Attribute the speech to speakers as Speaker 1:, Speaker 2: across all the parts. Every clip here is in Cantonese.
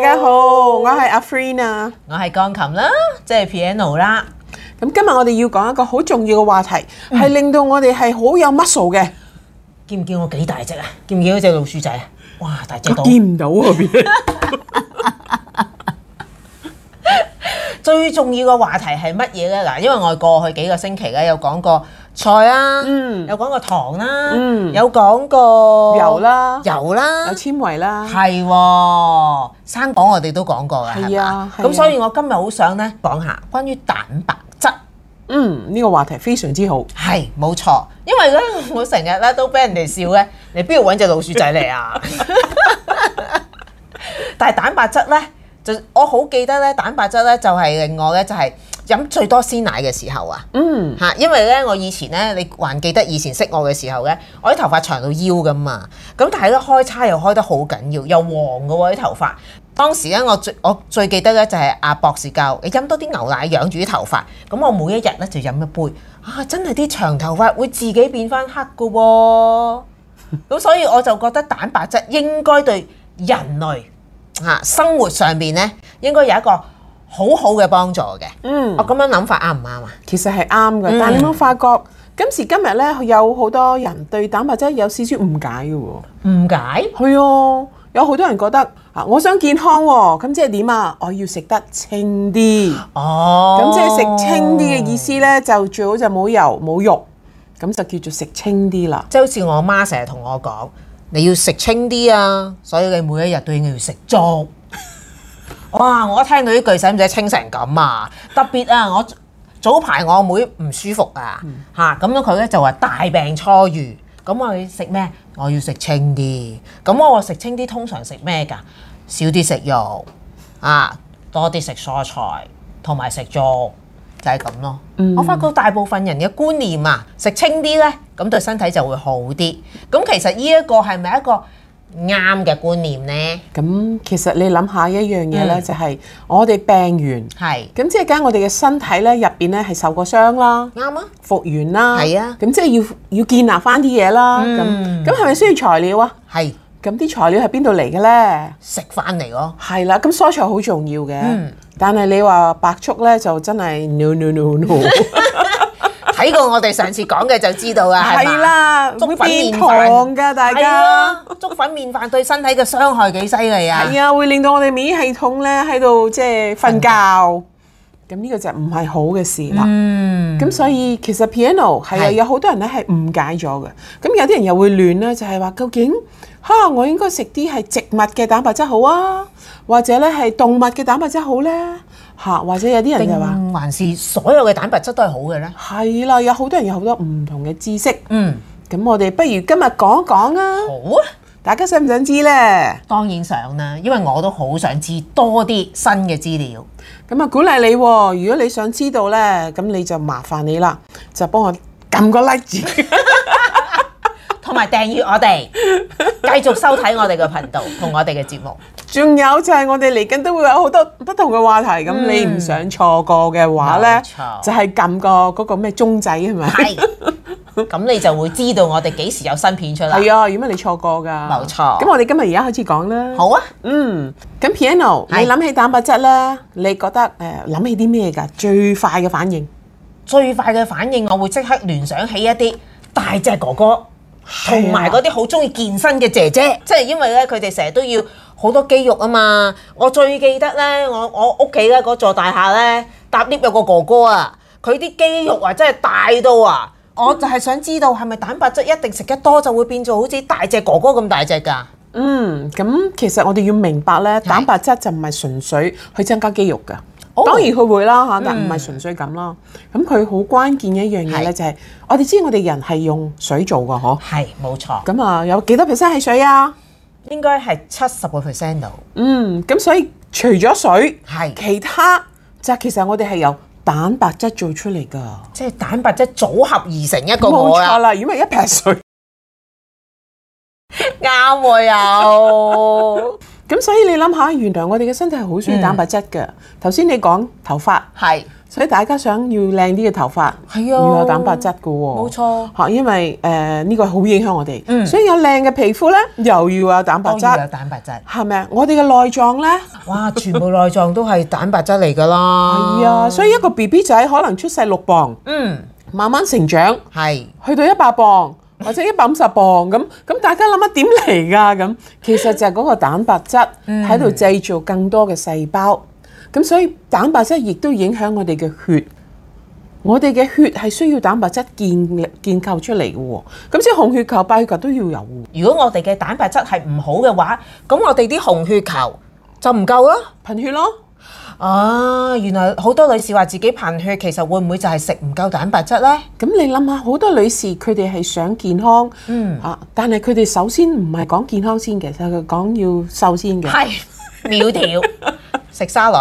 Speaker 1: 大家好，我係阿 Freen 啊，我係
Speaker 2: 鋼琴啦，即係 piano 啦。
Speaker 1: 咁今日我哋要講一個好重要嘅話題，係、嗯、
Speaker 2: 令到我哋係好有 muscle 嘅。見唔見我幾大隻啊？見唔見嗰隻老鼠仔啊？哇，大隻到見唔到嗰邊。最重要嘅話題係乜嘢咧？嗱，因為我哋過去幾個星期咧有講過。菜啊，有講、嗯、過糖啦、啊，有講、嗯、過油啦，油啦，有纖維啦，係喎、啊。生講我哋都講過嘅，係嘛、啊？咁、啊、所以我今日好想咧講下關於蛋白質，嗯，呢、這個話題非常之好。係冇錯，因為咧我成日咧都俾人哋笑咧，你邊度搵隻老鼠仔嚟啊？ 但係蛋白質咧，就我好記得咧，蛋白質咧就係另外咧就係、是。飲最多鮮奶嘅時候啊，嚇、嗯！因為咧，我以前咧，你還記得以前識我嘅時候咧，我啲頭髮長到腰㗎嘛。咁但係咧開叉又開得好緊要，又黃嘅喎啲頭髮。當時咧，我最我最記得咧就係阿博士教你飲多啲牛奶養住啲頭髮，咁我每一日咧就飲一杯。啊，真係啲長頭髮會自己變翻黑㗎喎、啊，咁 所以我就覺得蛋白質應該對人類啊生活上邊咧應該有一個好好嘅幫助嘅，我咁、嗯哦、樣諗法啱唔啱啊？其實係啱嘅，但係你冇發覺、嗯、今
Speaker 1: 時今日呢，有好多人對蛋白質有少少誤解嘅喎。誤解？係啊，有好多人覺得啊，我想健康喎、哦，咁即係點啊？我要食得清啲。哦，咁即係食清啲嘅意思呢，就最好就冇油冇肉，
Speaker 2: 咁就叫做食清啲啦。即係好似我媽成日同我講，你要食清啲啊，所以你每一日都要食粥。哇！我一聽到呢句，使唔使清成咁啊？特別啊！我早排我妹唔舒服啊，嚇咁樣佢咧就話大病初愈，咁我要食咩？我要食清啲。咁我話食清啲，通常食咩㗎？少啲食肉，啊多啲食蔬菜同埋食粥，就係、是、咁咯。嗯、我發覺大部分人嘅觀念啊，食清啲呢，咁對身體就會好啲。咁其實呢一個係咪一個啱
Speaker 1: 嘅觀念呢，咁其實你諗下一樣嘢呢，就係我哋病完，係是，咁即係而家我哋嘅身體呢，入邊呢係受過傷啦，啱啊，復原啦，係啊，咁即係要要建立翻啲嘢啦，咁咁係咪需要材料啊？係，咁啲材料係邊度嚟嘅呢？食翻嚟咯，係啦，咁蔬菜好重要嘅，嗯、但係你話白粥呢，就真係 no no no no, no.。
Speaker 2: 睇過我哋上次講嘅就知道啊，係啦 吧，粥粉麵飯嘅大家，粥、啊、粉麵飯對身體嘅傷害幾犀利啊！係啊，會令到我哋免疫系統咧喺度即係瞓覺，
Speaker 1: 咁呢覺個就唔係好嘅事啦。
Speaker 2: 嗯，
Speaker 1: 咁所以其實 Piano 係、啊、有好多人咧係誤解咗嘅，咁、啊、有啲人又會亂啦，就係、是、話究竟嚇我應該食啲係植物嘅蛋白質好啊，或者咧係動物嘅蛋白質好咧？嚇，或者有啲人就話，還是所有嘅蛋白質都係好嘅咧？係啦，有好多人有好多唔同嘅知識。嗯，咁我哋不如今日講一講啊。好啊，大家想唔想知咧？
Speaker 2: 當然想啦，因為我都好想知多啲新嘅資料。
Speaker 1: 咁啊，鼓勵你喎，如果你想知道咧，咁你就麻煩你啦，就幫我撳個 like
Speaker 2: 同埋 訂閱我哋，繼續收睇我哋嘅頻道同我哋嘅節目。
Speaker 1: 仲有就係我哋嚟緊都會有好多不同嘅話題，咁，你唔想錯過嘅話呢，就係撳個嗰個咩鐘仔係咪？係，
Speaker 2: 咁，你就會知道我哋幾時有新片出嚟。係啊，如果
Speaker 1: 唔係你錯過㗎。冇錯。咁我哋今日而家開始講啦。好啊。嗯。咁 Piano，你諗起蛋白質咧，你覺得誒
Speaker 2: 諗起啲咩㗎？最快嘅反應，最快嘅反應，我會即刻聯想起一啲大隻哥哥，同埋嗰啲好鍾意健身嘅姐姐。即係因為呢，佢哋成日都要。好多肌肉啊嘛！我最記得咧，我我屋企咧嗰座大廈咧，搭 lift 有個哥哥啊，佢啲肌肉啊真係大到啊！嗯、我就係想知道係咪蛋白質一定食得多就會變做好似大隻哥哥咁大隻㗎、嗯？嗯，
Speaker 1: 咁其實我哋要明白咧，蛋白質就唔係純粹去增加肌肉嘅，
Speaker 2: 哦嗯、當然佢
Speaker 1: 會啦嚇，但唔係純粹咁咯。咁佢好關鍵一樣嘢咧，就係是我哋知我哋人係用水做嘅嗬。係，冇錯。咁啊，有幾多 percent 係水啊？
Speaker 2: 應該係七十個 percent 度，
Speaker 1: 嗯，咁所以除咗水，係是其他即係其實我哋係由蛋白質做出嚟噶，即係蛋白質組合而成一個我啊。冇錯啦，如果係一瓶水啱我有！咁所以你諗下，原來我哋嘅身體係好需要蛋白質嘅。嗯、頭先你講頭髮係。所以大家想要靚啲嘅頭髮，係啊，要有蛋白質㗎喎，冇錯。嚇，因為誒呢個好影響我哋，嗯，所以有靚嘅皮膚咧，又要有蛋白質，要有蛋白質，係咪啊？我哋嘅內臟咧，哇，全部內臟都係蛋白質嚟噶啦。係啊，所以一個 BB 仔可能出世六磅，
Speaker 2: 嗯，
Speaker 1: 慢慢成長，係，去到一百磅或者一百五十磅咁，咁大家諗下點嚟㗎？咁其實就係嗰個蛋白質喺度製造更多嘅細胞。咁所以蛋白質亦都影響我哋嘅血，我哋嘅血係需要蛋白質建建
Speaker 2: 構出嚟嘅喎。咁即係紅血球、白血球都要有。如果我哋嘅蛋白質係唔好嘅話，咁我哋啲紅血球就唔夠咯，貧血咯。啊，原來好多女士話自己貧血，其實會唔會就係食唔夠蛋白質呢？咁你諗下，好多女
Speaker 1: 士佢哋係想健康，嗯啊，但係佢哋首先唔係講健康先嘅，就係講要瘦先嘅，係
Speaker 2: 苗條。
Speaker 1: 食沙律，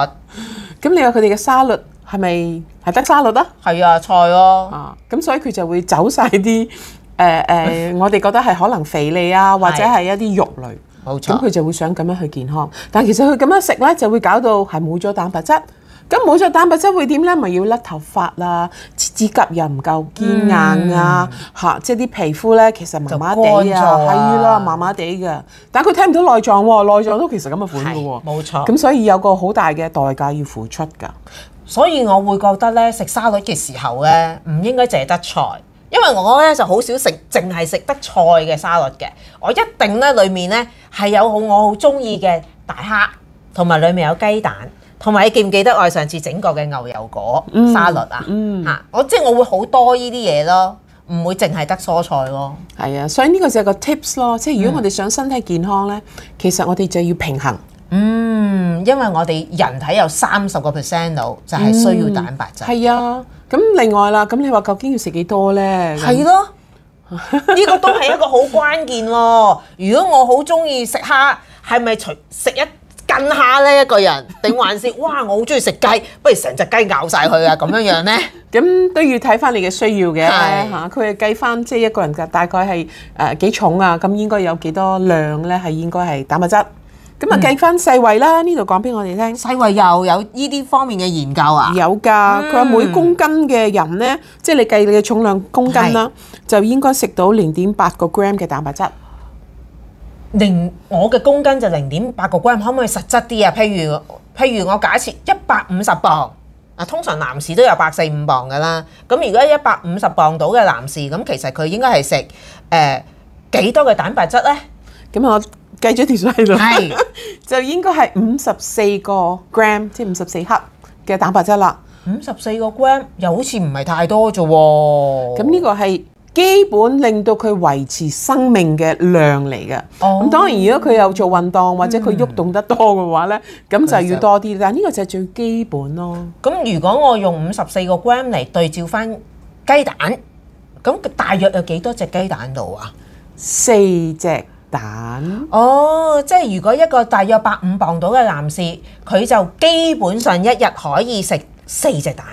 Speaker 1: 咁你話佢哋嘅沙律係咪係得沙律啊？係啊，菜咯。啊，咁所以佢就會走曬啲誒誒，我哋覺得係可能肥膩啊，或者係一啲肉類。冇錯。咁佢就會想咁樣去健康，但係其實佢咁樣食咧，就會搞到係冇咗蛋白質。咁冇咗蛋白質會點咧？咪要甩頭髮啦，切指甲又唔夠堅硬啊！嚇、嗯嗯，即係啲皮膚咧，其實麻麻地啊，係啦，麻麻地嘅。但佢聽唔到內臟喎，內臟都其實咁嘅款嘅喎。冇錯。咁所以有個好大嘅代價要付出㗎。
Speaker 2: 所以我會覺得咧，食沙律嘅時候咧，唔應該淨係得菜，因為我咧就好少食，淨係食得菜嘅沙律嘅。我一定咧，裡面咧係有好我好中意嘅大蝦，同埋裡面有雞蛋。同埋你記唔記得我哋上次整過嘅牛油果、嗯、沙律啊？嚇、嗯啊！我即係我會好多呢啲嘢咯，唔會淨係得蔬菜咯。係啊，
Speaker 1: 所以呢個就係個 tips 咯。即係如果我哋想身體健康咧，其實我哋就要平衡。
Speaker 2: 嗯，因為我哋人體有三十個 percent 度就係、係、需要蛋白質。係、嗯、
Speaker 1: 啊，咁另外啦，咁你話究竟要食幾多咧？係咯、
Speaker 2: 啊，呢、呢個都係一個好關鍵喎。如果我好中意食蝦，係咪隨食一？近下呢一個人定還是哇！我好中意食雞，不如成隻雞咬晒佢啊！咁樣樣呢，
Speaker 1: 咁 都要睇翻你嘅需要嘅。係是，佢係計翻即係一個人嘅大概係誒、呃、幾重啊？咁應該有幾多量呢？係、嗯、應該係蛋白質。咁啊，計翻世衛啦。呢度講俾我哋聽，世衛又有呢啲方面嘅研究啊？有㗎的。佢、嗯、話每公斤嘅人呢，即、就、係、是、你計你嘅重量公斤啦，是就應該食到零點八個 gram 嘅蛋白質。
Speaker 2: 零，0，我嘅公斤就零點八個 gram，可唔可以實質啲啊？譬如譬如我假設一百五十磅，啊，通常男士都有百四五磅噶啦。咁如果一百五十磅到嘅男士，咁其實佢應該係食誒幾多嘅蛋白質咧？咁、嗯、我計咗條數喺度，係是，
Speaker 1: 就應該係五十四個 gram，即係五十四克嘅蛋白質啦。五十四個 gram 又好似唔係
Speaker 2: 太多啫喎。咁
Speaker 1: 呢、嗯嗯這個係。基本令到佢維持生命嘅量嚟嘅，咁、哦、當然如果佢有做運動或者佢喐動，動得多嘅話咧，咁、嗯、就要多啲。就是、但呢個就係最基本咯。
Speaker 2: 咁如果我用五十四個 gram 嚟對照翻雞蛋，咁大約有幾多隻雞蛋度啊？四隻蛋？哦，即係如果一個大約百五磅到嘅男士，佢就基本上一日可以食四隻蛋。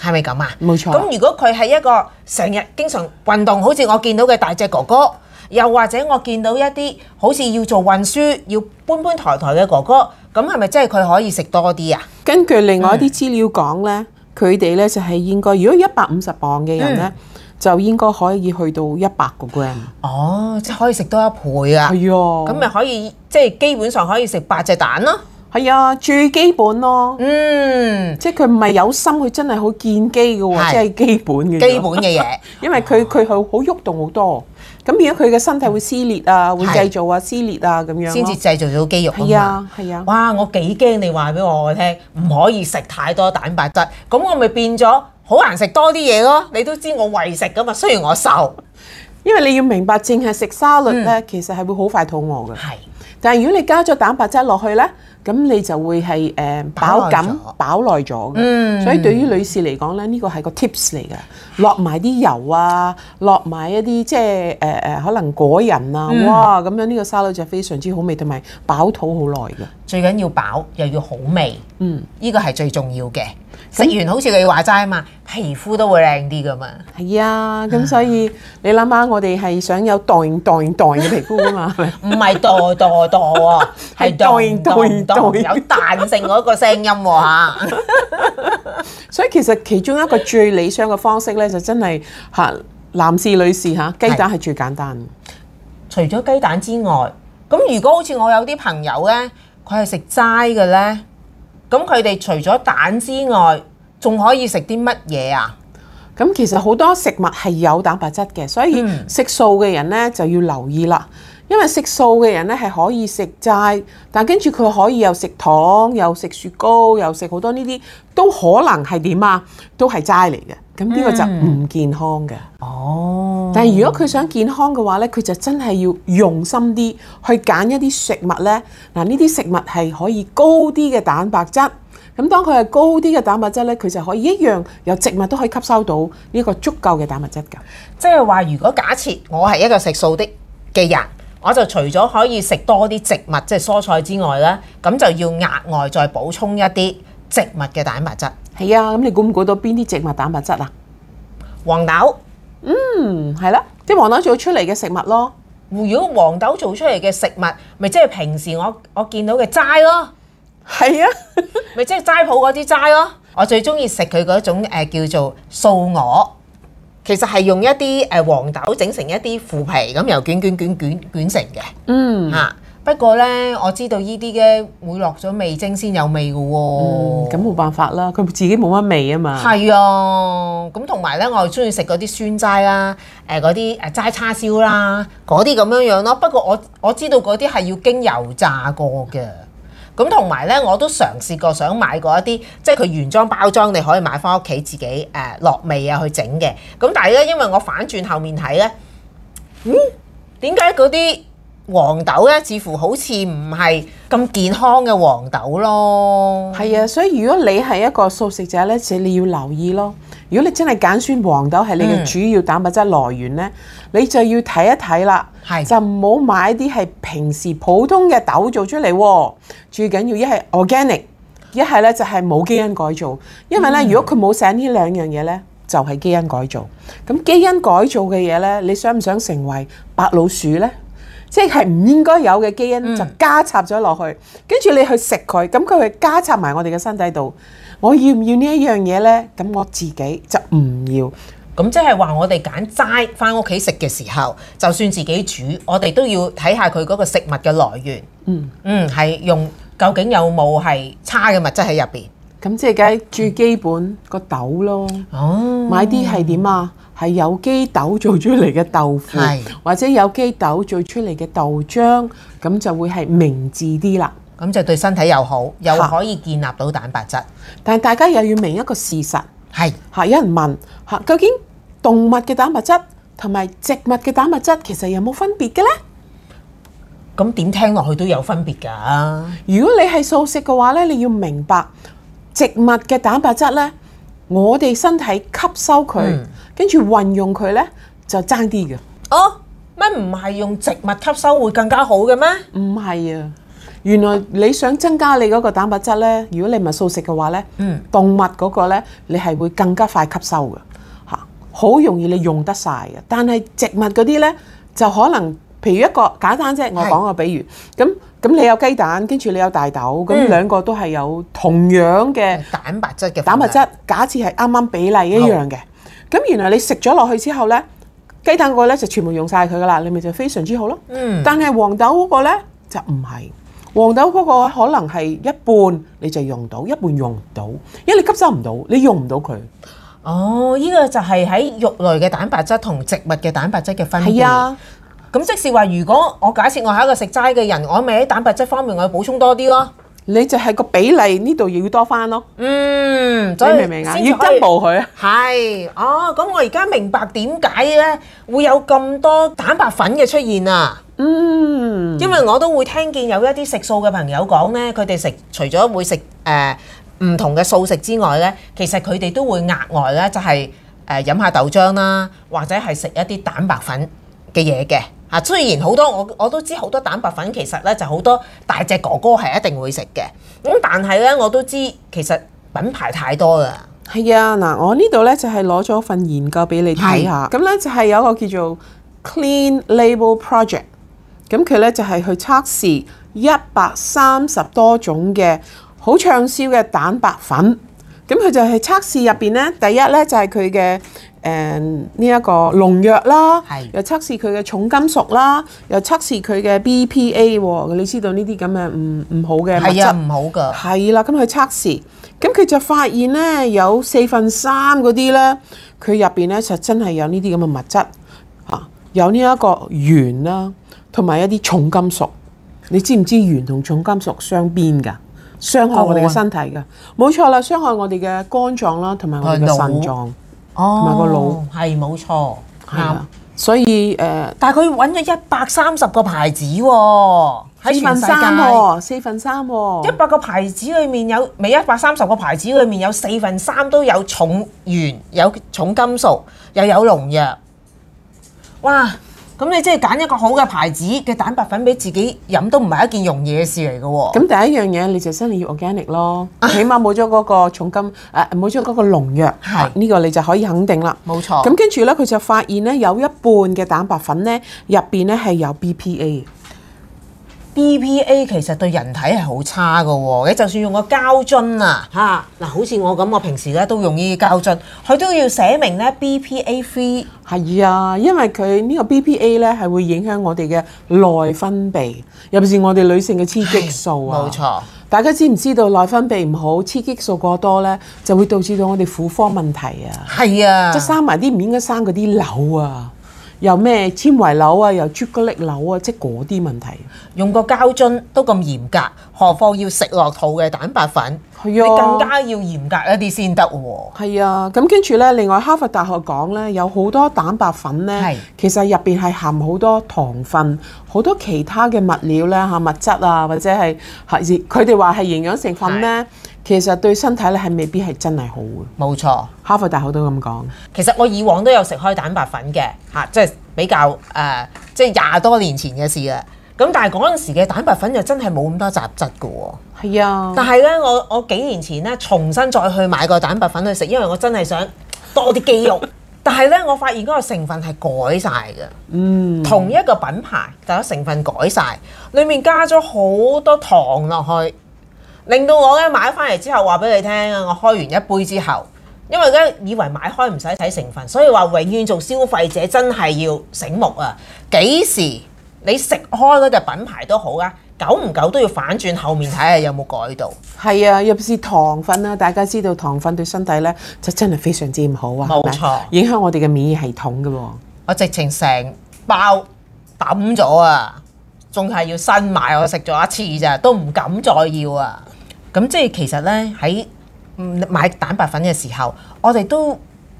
Speaker 2: 係咪咁呀？冇錯。咁如果佢係一個成日經常運動，好似我見到嘅大隻哥哥，又或者我見到一啲好似要做運輸、要搬搬抬抬嘅哥哥，咁係咪即係佢可以食多啲啊？
Speaker 1: 根據另外一啲資料講呢，佢哋呢就係應該，如果一百五十磅嘅人呢，嗯、就應該可以去到一百個 gram。哦，即係可以食多一倍啊！係啊的，咁咪
Speaker 2: 可以即係基本上可以食八隻蛋咯。係啊，最基本咯。嗯，即
Speaker 1: 係佢唔係有心，佢真係好健肌噶喎，即係基本嘅。基本嘅嘢，因為佢佢好好喐動好多。咁如果佢嘅身體會撕裂啊，會製造啊撕裂啊咁樣，先至製造到肌肉啊嘛。
Speaker 2: 係啊，係啊。哇！我幾驚你話俾我聽，唔可以食太多蛋白質。咁我咪變咗好難食多啲嘢咯。你都知我為食噶嘛？雖然我
Speaker 1: 瘦，因為你要明白，淨係食沙律咧，其實係會好快肚餓嘅。係，但係如果你加咗蛋白質落去咧。咁你就會係誒飽感飽耐咗嘅，嗯、所以對於女士嚟講咧，呢個係個 tips 嚟嘅，落埋啲油啊，落埋一啲即係誒誒可能果仁啊，嗯、哇咁樣呢個沙律就非常之好味同
Speaker 2: 埋飽肚好耐嘅，最緊要飽又要好味，嗯，呢個係最重要嘅。食完好似佢話齋啊嘛，皮膚都會靚啲㗎嘛。
Speaker 1: 係啊，咁所以你諗下，我哋係想有彈彈彈嘅皮膚啊嘛，
Speaker 2: 唔係惰惰惰啊，係彈彈彈有彈性嗰個聲音喎嚇。
Speaker 1: 所以其實其中一個最理想嘅方式咧，就真係嚇男士女士嚇雞蛋
Speaker 2: 係最簡單。除咗雞蛋之外，咁如果好似我有啲朋友咧，佢係食齋嘅咧。咁佢哋除咗蛋之外，仲可以食啲乜嘢啊？
Speaker 1: 咁其實好多食物係有蛋白質嘅，所以食素嘅人呢就要留意啦。因為食素嘅人呢係可以食齋，但跟住佢可以又食糖、又食雪糕、又食好多呢啲，都可能係點啊？都係齋嚟嘅。咁呢個就唔健康嘅。哦、嗯。但係如果佢想健康嘅話呢，佢就真係要用心啲去揀一啲食物呢。嗱，呢啲食物係可以高啲嘅蛋白質。咁當佢係高啲嘅蛋白質呢，佢就可以一樣有植物都可以吸收到呢個足夠嘅蛋白質㗎。即係
Speaker 2: 話，如果假設我係一個食素的嘅人，我就除咗可以食多啲植物，即係蔬菜之外呢，咁就要額外再補充一啲植物嘅蛋白質。係啊，咁你估唔估到邊啲植物蛋白質啊？黃豆，嗯，係啦、啊，即係黃豆做出嚟嘅食物咯。如果黃豆做出嚟嘅食物，咪即係平時我我見到嘅齋咯。係是啊，咪 即係齋鋪嗰啲齋咯。我最中意食佢嗰種誒、呃、叫做素鵝，其實係用一啲誒、呃、黃豆整成一啲腐皮咁，由捲卷卷，卷卷卷卷捲成嘅。嗯、啊，嚇不過咧，我知道依啲嘅會落咗味精先有味㗎喎、啊。嗯，咁冇辦法啦，佢自己冇乜味啊嘛。係啊，咁同埋咧，我係中意食嗰啲酸齋啦、啊，誒嗰啲誒齋叉燒啦、啊，嗰啲咁樣樣、啊、咯。不過我我知道嗰啲係要經油炸過嘅。咁同埋咧，我都嘗試過想買過一啲，即係佢原裝包裝，你可以買翻屋企自己誒、呃、落味啊去整嘅。咁但係咧，因為我反轉後面睇咧，嗯，點解嗰啲？黃豆咧，似乎好似唔係咁健康嘅黃豆咯。係啊，所以如果你係一個素
Speaker 1: 食者咧，就你要留意咯。如果你真係揀選黃豆係你嘅主要蛋白質來源咧，嗯、你就要睇一睇啦。係是就唔好買啲係平時普通嘅豆做出嚟。最緊要一係 organic，一係咧就係冇基因改造。因為咧，嗯、如果佢冇寫呢兩樣嘢咧，就係、是、基因改造。咁基因改造嘅嘢咧，你想唔想成為白老鼠咧？即係唔應該有嘅基因就加插咗落去，跟住、嗯、你去食佢，咁佢會加插埋我哋嘅身體度。我要唔要
Speaker 2: 呢一樣嘢呢？咁我自己就唔要。咁、嗯、即係話我哋揀齋翻屋企食嘅時候，就算自己煮，我哋都要睇下佢嗰個食物嘅來源。
Speaker 1: 嗯嗯，係、
Speaker 2: 嗯、用究竟有冇係差嘅物質喺入邊？咁即係梗係最
Speaker 1: 基本個豆咯。哦、嗯，買啲係點啊？係有機豆做出嚟嘅豆腐，或者有機豆做出嚟嘅豆漿，咁就會係明智啲啦。咁就對身體又好，又可以建立到蛋白質。但係大家又要明一個事實，係吓有人問吓，究竟動物嘅蛋白質同埋植物嘅蛋白質，其實有冇分別嘅呢？咁點聽落去都有分別㗎。如果你係素食嘅話呢，你要明白植物嘅蛋白質呢，我哋身體吸收佢。跟住運用佢呢，就爭啲嘅。
Speaker 2: 哦，乜唔係用植物吸收會更加好嘅咩？
Speaker 1: 唔係啊，原來你想增加你嗰個蛋白質呢，如果你唔係素食嘅話呢，嗯，動物嗰個呢，你係會更加快吸收嘅，嚇，好容易你用得晒嘅。但係植物嗰啲呢，就可能，譬如一個簡單啫，我講個比喻，咁咁你有雞蛋，跟住你有大豆，咁兩個都係有同樣嘅蛋白質嘅蛋白質，假設係啱啱比例一樣嘅。咁原來你食咗落去之後呢，雞蛋嗰個呢就全部用晒佢㗎喇，你咪就非常之好咯。嗯，但係黃豆嗰個呢就唔係，黃豆嗰個可能係一半你就用到，一半用唔到，因為你吸收唔到，你用唔到佢。
Speaker 2: 哦，呢個就係喺肉類嘅蛋白質同植物嘅蛋白質嘅分別。係啊，咁即是話，如果我假設我係一個食齋嘅人，我咪喺蛋白質方面我要補充多啲咯。你就係個比例呢度要多翻咯。嗯，你明唔明啊？要跟佢。係，哦，咁我而家明白點解咧會有咁多蛋白粉嘅出現啊。嗯。因為我都會聽見有一啲食素嘅朋友講呢，佢哋食除咗會食誒唔同嘅素食之外呢，其實佢哋都會額外呢就係誒飲下豆漿啦，或者係食一啲蛋白粉嘅嘢嘅。啊，雖然好多我我都知好多蛋白粉其實咧就好多大隻哥哥係一定會食嘅，咁但係咧我都知其實品牌太多啦。
Speaker 1: 係啊，嗱，我呢度咧就係攞咗份研究俾你睇下，咁咧的就係有一個叫做 Clean Label Project，咁佢咧就係、是、去測試一百三十多種嘅好暢銷嘅蛋白粉。咁佢就係測試入邊咧，第一咧就係佢嘅誒呢一個農藥啦，又測試佢嘅重金屬啦，又測試佢嘅 BPA，你知道呢啲咁嘅唔唔好嘅物質唔好噶，係啦，咁佢測試，咁佢就發現咧有四分三嗰啲咧，佢入邊咧就真係有呢啲咁嘅物質，嚇、啊、有呢一個鉛啦，同埋一啲重金屬，你知唔知鉛同重金屬相邊噶？傷害我哋嘅身體嘅，冇錯啦！傷害我哋嘅
Speaker 2: 肝臟啦，同埋我哋嘅腎臟，同埋、哦、個腦，係冇錯。係啊，的對所以誒，呃、但係佢揾咗一百三十個牌子喎、哦，四分三
Speaker 1: 四分三喎、哦，一
Speaker 2: 百、哦、個牌子裏面有，每一百三十個牌子裏面有四分三都有重鉛，有重金屬，又有農藥，哇！咁你即係揀一個好嘅牌子嘅蛋白粉俾自己飲都唔係一件容易嘅事嚟嘅喎。
Speaker 1: 咁第一樣嘢你就真係要 organic 咯， 起碼冇咗嗰個重金，誒冇咗嗰個農藥。呢是個你就可以肯定啦。冇錯。咁跟住咧，佢就發現咧有一半
Speaker 2: 嘅蛋白粉咧入邊咧係有 BPA。BPA 其實對人體係好差嘅喎，你就算用個膠樽啊嚇，嗱好似我咁，我平時咧都用呢啲膠樽，佢都要寫明咧 BPA free。係啊，因為
Speaker 1: 佢呢個 BPA 咧係會影響我哋嘅內分泌，尤其是我哋女性嘅雌激素啊。冇錯，大家知唔知道內分泌唔好、雌激素過多咧，就會導致到我哋婦科問題啊？係啊，即係生埋啲唔應該生嗰啲瘤啊！
Speaker 2: 有咩纖維瘤啊，有朱古力瘤啊，即係嗰啲問題。用個膠樽都咁嚴格，何況要食落肚嘅蛋白粉，你更加要嚴格一啲先得喎。
Speaker 1: 係啊，咁跟住咧，另外哈佛大學講咧，有好多蛋白粉咧，其實入邊係含好多糖分、好多其他嘅物料咧嚇物質啊，或者係係佢哋話係營養成分咧。其實對身體咧係未必係真係
Speaker 2: 好嘅。冇錯，哈佛大學都咁講。其實我以往都有食開蛋白粉嘅，嚇、啊，即、就、係、是、比較誒，即係廿多年前嘅事啦。咁但係嗰陣時嘅蛋白粉又真係冇咁多雜質嘅喎。係啊呀。但係呢，我我幾年前呢，重新再去買個蛋白粉去食，因為我真係想多啲肌肉。 但係呢，我發現嗰個成分係改晒嘅。嗯。同一個品牌，但係成分改晒，裡面加咗好多糖落去。令到我咧買翻嚟之後話俾你聽，我開完一杯之後，因為而家以為買開唔使睇成分，所以話永遠做消費者真係要醒目啊！幾時你食開嗰隻品牌都好啊，久唔久都要反轉後面睇下有冇改到。
Speaker 1: 係啊，尤其是糖分啊，大家知道糖分對身體咧就真係非常之唔好啊！冇錯是是，影響我哋嘅免疫系統嘅喎、啊。
Speaker 2: 我直情成包抌咗啊，仲係要新買我食咗一次咋，都唔敢再要啊！咁即係其實呢，喺買蛋白粉嘅時候，我哋都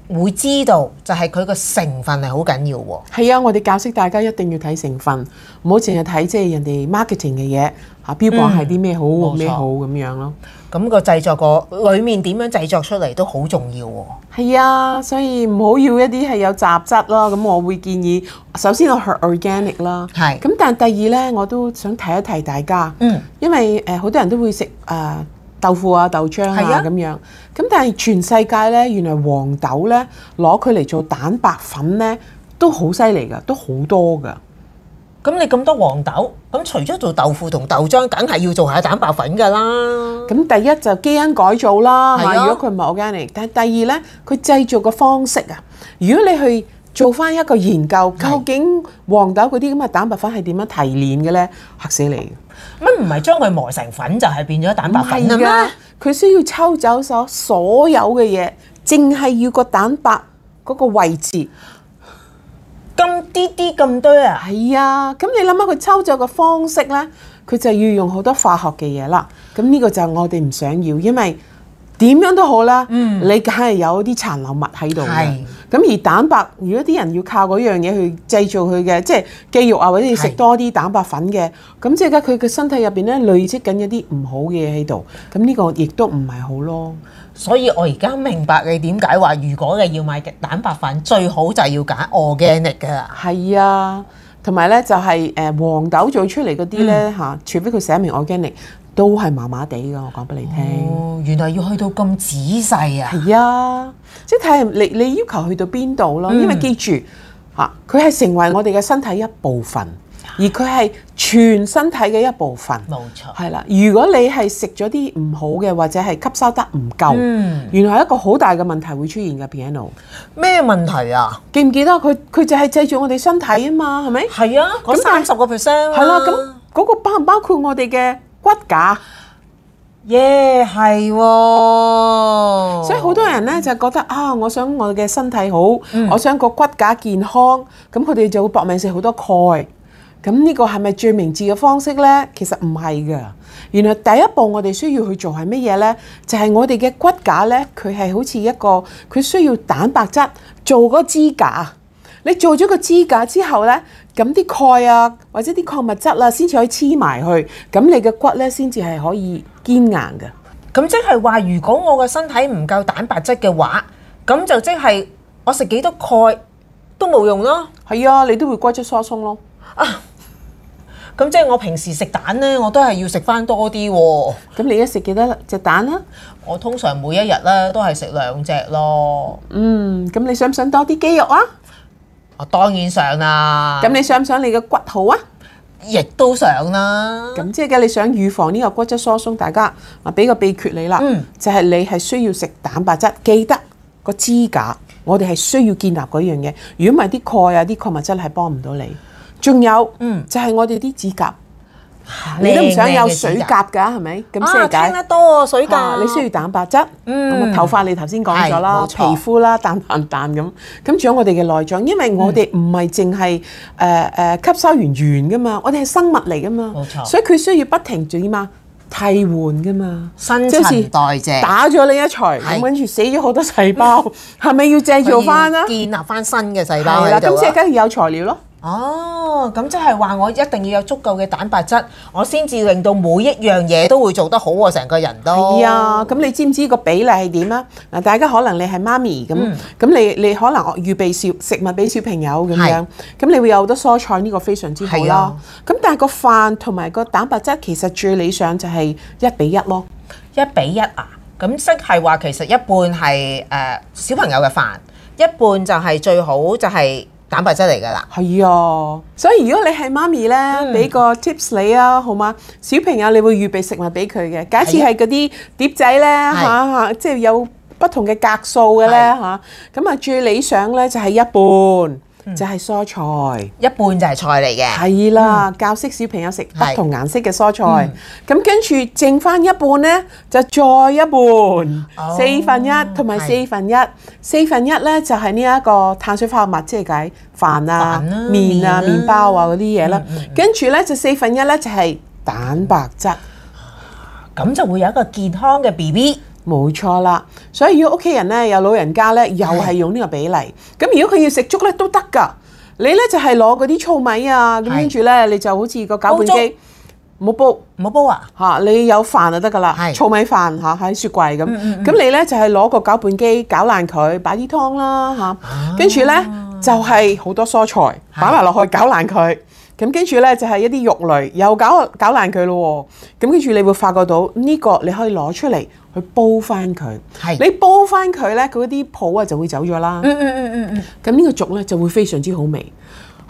Speaker 2: 會知道就係佢個成分係好緊要喎。
Speaker 1: 係啊，我哋教識大家一定要睇成分，唔好淨係睇即係人哋 marketing 嘅嘢。
Speaker 2: 啊！標榜係啲咩好？咩、嗯、好咁、嗯、樣咯？咁個製作個裏面點樣製作出嚟都好重要喎、
Speaker 1: 啊。係啊，所以唔好要，要一啲係有雜質咯。咁我會建議，首先我係 organic 啦。係是。咁但係第二咧，我都想提一提大家。嗯。因為誒好、呃、多人都會食誒、呃、豆腐啊、豆漿啊咁、啊、樣。係咁但係全世界咧，原來黃豆咧攞佢嚟做蛋白粉咧，都好犀
Speaker 2: 利㗎，都好多㗎。咁你咁多黃豆，咁除咗做豆腐同豆漿，梗係要做下蛋白粉㗎啦。
Speaker 1: 咁第一就基因改造啦，係咯。如果佢唔 organic，但係第二咧，佢製造嘅方式啊，如果你去做翻一個研究，究竟黃豆嗰啲咁嘅蛋白粉係點樣提煉嘅咧？嚇死你！乜唔
Speaker 2: 係將佢磨成粉就係變咗蛋白粉？唔係咩？
Speaker 1: 佢需要抽走所所有嘅嘢，淨係要個蛋白嗰個位置。咁啲啲咁多啊？係啊，咁你諗下佢抽走嘅方式咧，佢就要用好多化學嘅嘢啦。咁呢個就我哋唔想要，因為點樣都好啦，嗯，你梗係有啲殘留物喺度嘅。咁是而蛋白，如果啲人要靠嗰樣嘢去製造佢嘅，即係肌肉啊，或者食多啲蛋白粉嘅，咁是即係咧佢嘅身體入邊咧累積緊一啲唔好嘅嘢喺度，咁呢個亦都唔係好咯。
Speaker 2: 所以我而家明白你點解話，如果你要買蛋白粉，最好就係要揀 organic 㗎。
Speaker 1: 係啊，同埋咧就係、是、誒黃豆做出嚟嗰啲咧嚇，嗯、除非佢寫明 organic，都係麻麻地㗎。我講俾你聽。
Speaker 2: 哦，原來要去到咁仔細啊！
Speaker 1: 係啊，即係睇下你你要求去到邊度咯。因為記住嚇，佢係、嗯、成為我哋嘅身體一部分。而佢係全身體嘅一部分，冇錯，係啦。如果你係食咗啲唔好嘅，或者係吸收得唔夠，嗯、原來係一個好大嘅問題會出現嘅。Piano 咩問題啊？記唔記得佢佢就係製造我哋身體啊嘛，係咪、欸？係吧啊，三十、啊、
Speaker 2: 個 percent 係啦。咁
Speaker 1: 嗰個包唔包括我哋嘅骨架？耶，係喎、哦。所以好多人咧就覺得啊，我想我嘅身體好，嗯、我想個骨架健康，咁佢哋就會搏命食好多鈣。咁呢個係咪最明智嘅方式呢？其實唔係噶。原來第一步我哋需要去做係乜嘢呢？就係我哋嘅骨架呢，佢係好似一個，佢需要蛋白質做個支架。你做咗個支架之後呢，咁啲鈣啊，或者啲礦物質啦，先至可以黐埋去。咁你嘅
Speaker 2: 骨呢，先至係可以堅硬嘅。咁即係話，如果我嘅身體唔夠蛋白質嘅話，咁就即係我食幾多鈣都冇用咯。係啊，你都會骨質疏鬆咯。啊！咁即係我平時食蛋呢，我都係要食翻多啲喎、啊。咁你一食幾多隻蛋啊？我通常每一日咧都係食兩隻咯。嗯，咁你想唔想多啲肌肉啊？我當然想
Speaker 1: 啦。咁你想唔想你嘅骨好啊？亦都想啦。咁即係嘅，你想預防呢個骨質疏鬆，大家啊，俾個秘訣你啦。嗯，就係你係需要食蛋白質，記得、那個支架，我哋係需要建立嗰樣嘢。如果唔係啲鈣啊啲礦物質係幫唔到你。仲有，就係我哋啲指甲，你都唔想有水甲噶，係咪？咁啊，聽得多水甲，你需要蛋白質。嗯，頭髮你頭先講咗啦，皮膚啦，淡淡淡咁。咁仲有我哋嘅內臟，因為我哋唔係淨係誒誒吸收完完噶嘛，我哋係生物嚟噶嘛，所以佢需要不停轉嘛替換噶嘛，新陳代謝。打咗你一錘，跟住死
Speaker 2: 咗好多細胞，
Speaker 1: 係咪要製造翻啊？
Speaker 2: 建立翻新嘅細胞喺度啊，梗係有材料咯。哦，咁即係話我一定要有足夠嘅蛋白質，我先至令到每一樣嘢都會做得好喎，成個人都。係啊，咁你知唔知個比例係點啊？嗱，
Speaker 1: 大家可能你係媽咪咁，咁你你可能預備小食物俾小朋友咁樣，咁你會有好多蔬菜呢個非常之好咯。咁但係個飯同埋個蛋白質其實最理想就係一比一咯。
Speaker 2: 一比一啊？咁即係話其實一半係誒小朋友嘅飯，一半就係最好就係。蛋白質嚟噶啦，係啊，所以如果你係媽咪咧，俾、嗯、個 tips 你啊，好嘛，小朋友
Speaker 1: 你會預備食物俾佢嘅，假設係嗰啲碟仔咧嚇，即係有不同嘅格數嘅咧嚇，咁啊，啊最理想咧就係一半，就係蔬菜，一半就係菜嚟嘅。係啦，教識小朋友食不同顏色嘅蔬菜。咁跟住剩翻一半呢，就再一半，四、哦、分一同埋四分一，四是分一呢，就係呢一個碳水化合物，即係解飯啊、麵啊、麵包啊嗰啲嘢啦。跟住、嗯嗯嗯、呢，就四分一呢，就係、是、蛋白質，咁、嗯、就會有一個健康嘅 BB。冇錯啦，所以如果屋企人咧有老人家咧，又係用呢個比例。咁如果佢要食粥咧都得噶，你咧就係攞嗰啲糙米啊，咁跟住咧你就好似個攪拌機，冇煲冇煲啊嚇！你有飯就得噶啦，糙米飯嚇喺雪櫃咁。咁你咧就係攞個攪拌機攪爛佢，擺啲湯啦嚇，跟住咧就係好多蔬菜擺埋落去攪爛佢。咁跟住呢，就係一啲肉類又搞搞爛佢咯，咁跟住你會發覺到呢、呢個你可以攞出嚟去煲翻佢，是你煲翻佢呢，佢嗰啲泡啊就會走咗啦。嗯嗯嗯嗯嗯。咁呢個粥呢，就會非常之好味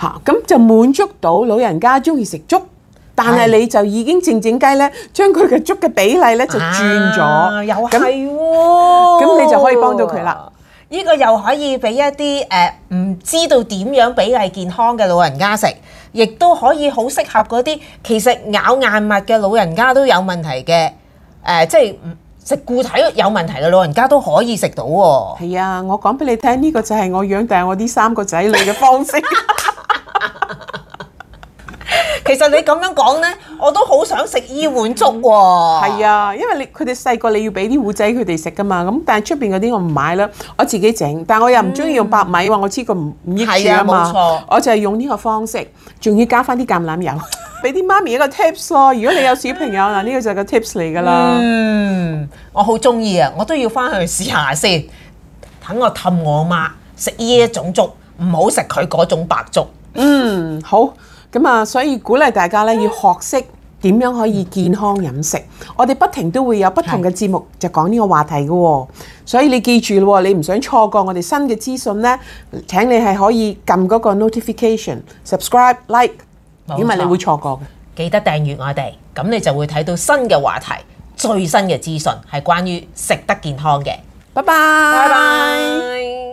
Speaker 1: 嚇，咁、啊、就滿足到老人家中意食粥，
Speaker 2: 但係你
Speaker 1: 就已經靜靜雞呢，將佢嘅粥嘅比例呢，就轉咗、啊，又
Speaker 2: 係咁、哦、你就可以幫到佢啦。呢個又可以俾一啲誒唔知道點樣比例健康嘅老人家食，亦都可以好適合嗰啲其實咬硬物嘅老人家都有問題嘅誒、呃，即係食固體有問題嘅老人家都可以食到喎、哦。係啊，我講俾你
Speaker 1: 聽，呢、呢個就係我養大我啲三個仔女嘅方式。 其實你咁樣講呢，我都好想食伊碗粥喎、哦。係啊，因為你佢哋細個你要俾啲糊仔佢哋食噶嘛。咁但係出邊嗰啲我唔買啦，我自己整。但係我又唔中意用白米喎，嗯、我知佢唔唔益處啊嘛。啊、冇錯。我就係用呢個方式，仲要加翻啲橄欖油，俾啲 媽咪一個 tips 咯。如果你有小朋
Speaker 2: 友嗱，呢 個就係個 tips 嚟噶啦。嗯，我好中意啊，我都要翻去試下先，等我氹我媽食呢一種粥，唔好食佢嗰種白粥。
Speaker 1: 嗯，好。咁啊，所以鼓勵大家咧，要學識點樣可以健康飲食。我哋不停都會有不同嘅節目就講呢個話題噶，所以你記住咯，你唔想錯過我哋新嘅資訊咧，請你係可以撳嗰個 notification subscribe, like, 冇錯
Speaker 2: ，subscribe、like，因為你會錯過嘅。記得訂閱我哋，咁你就會睇到新嘅話題、最新嘅資訊，係關於食得健康嘅。拜拜。拜拜。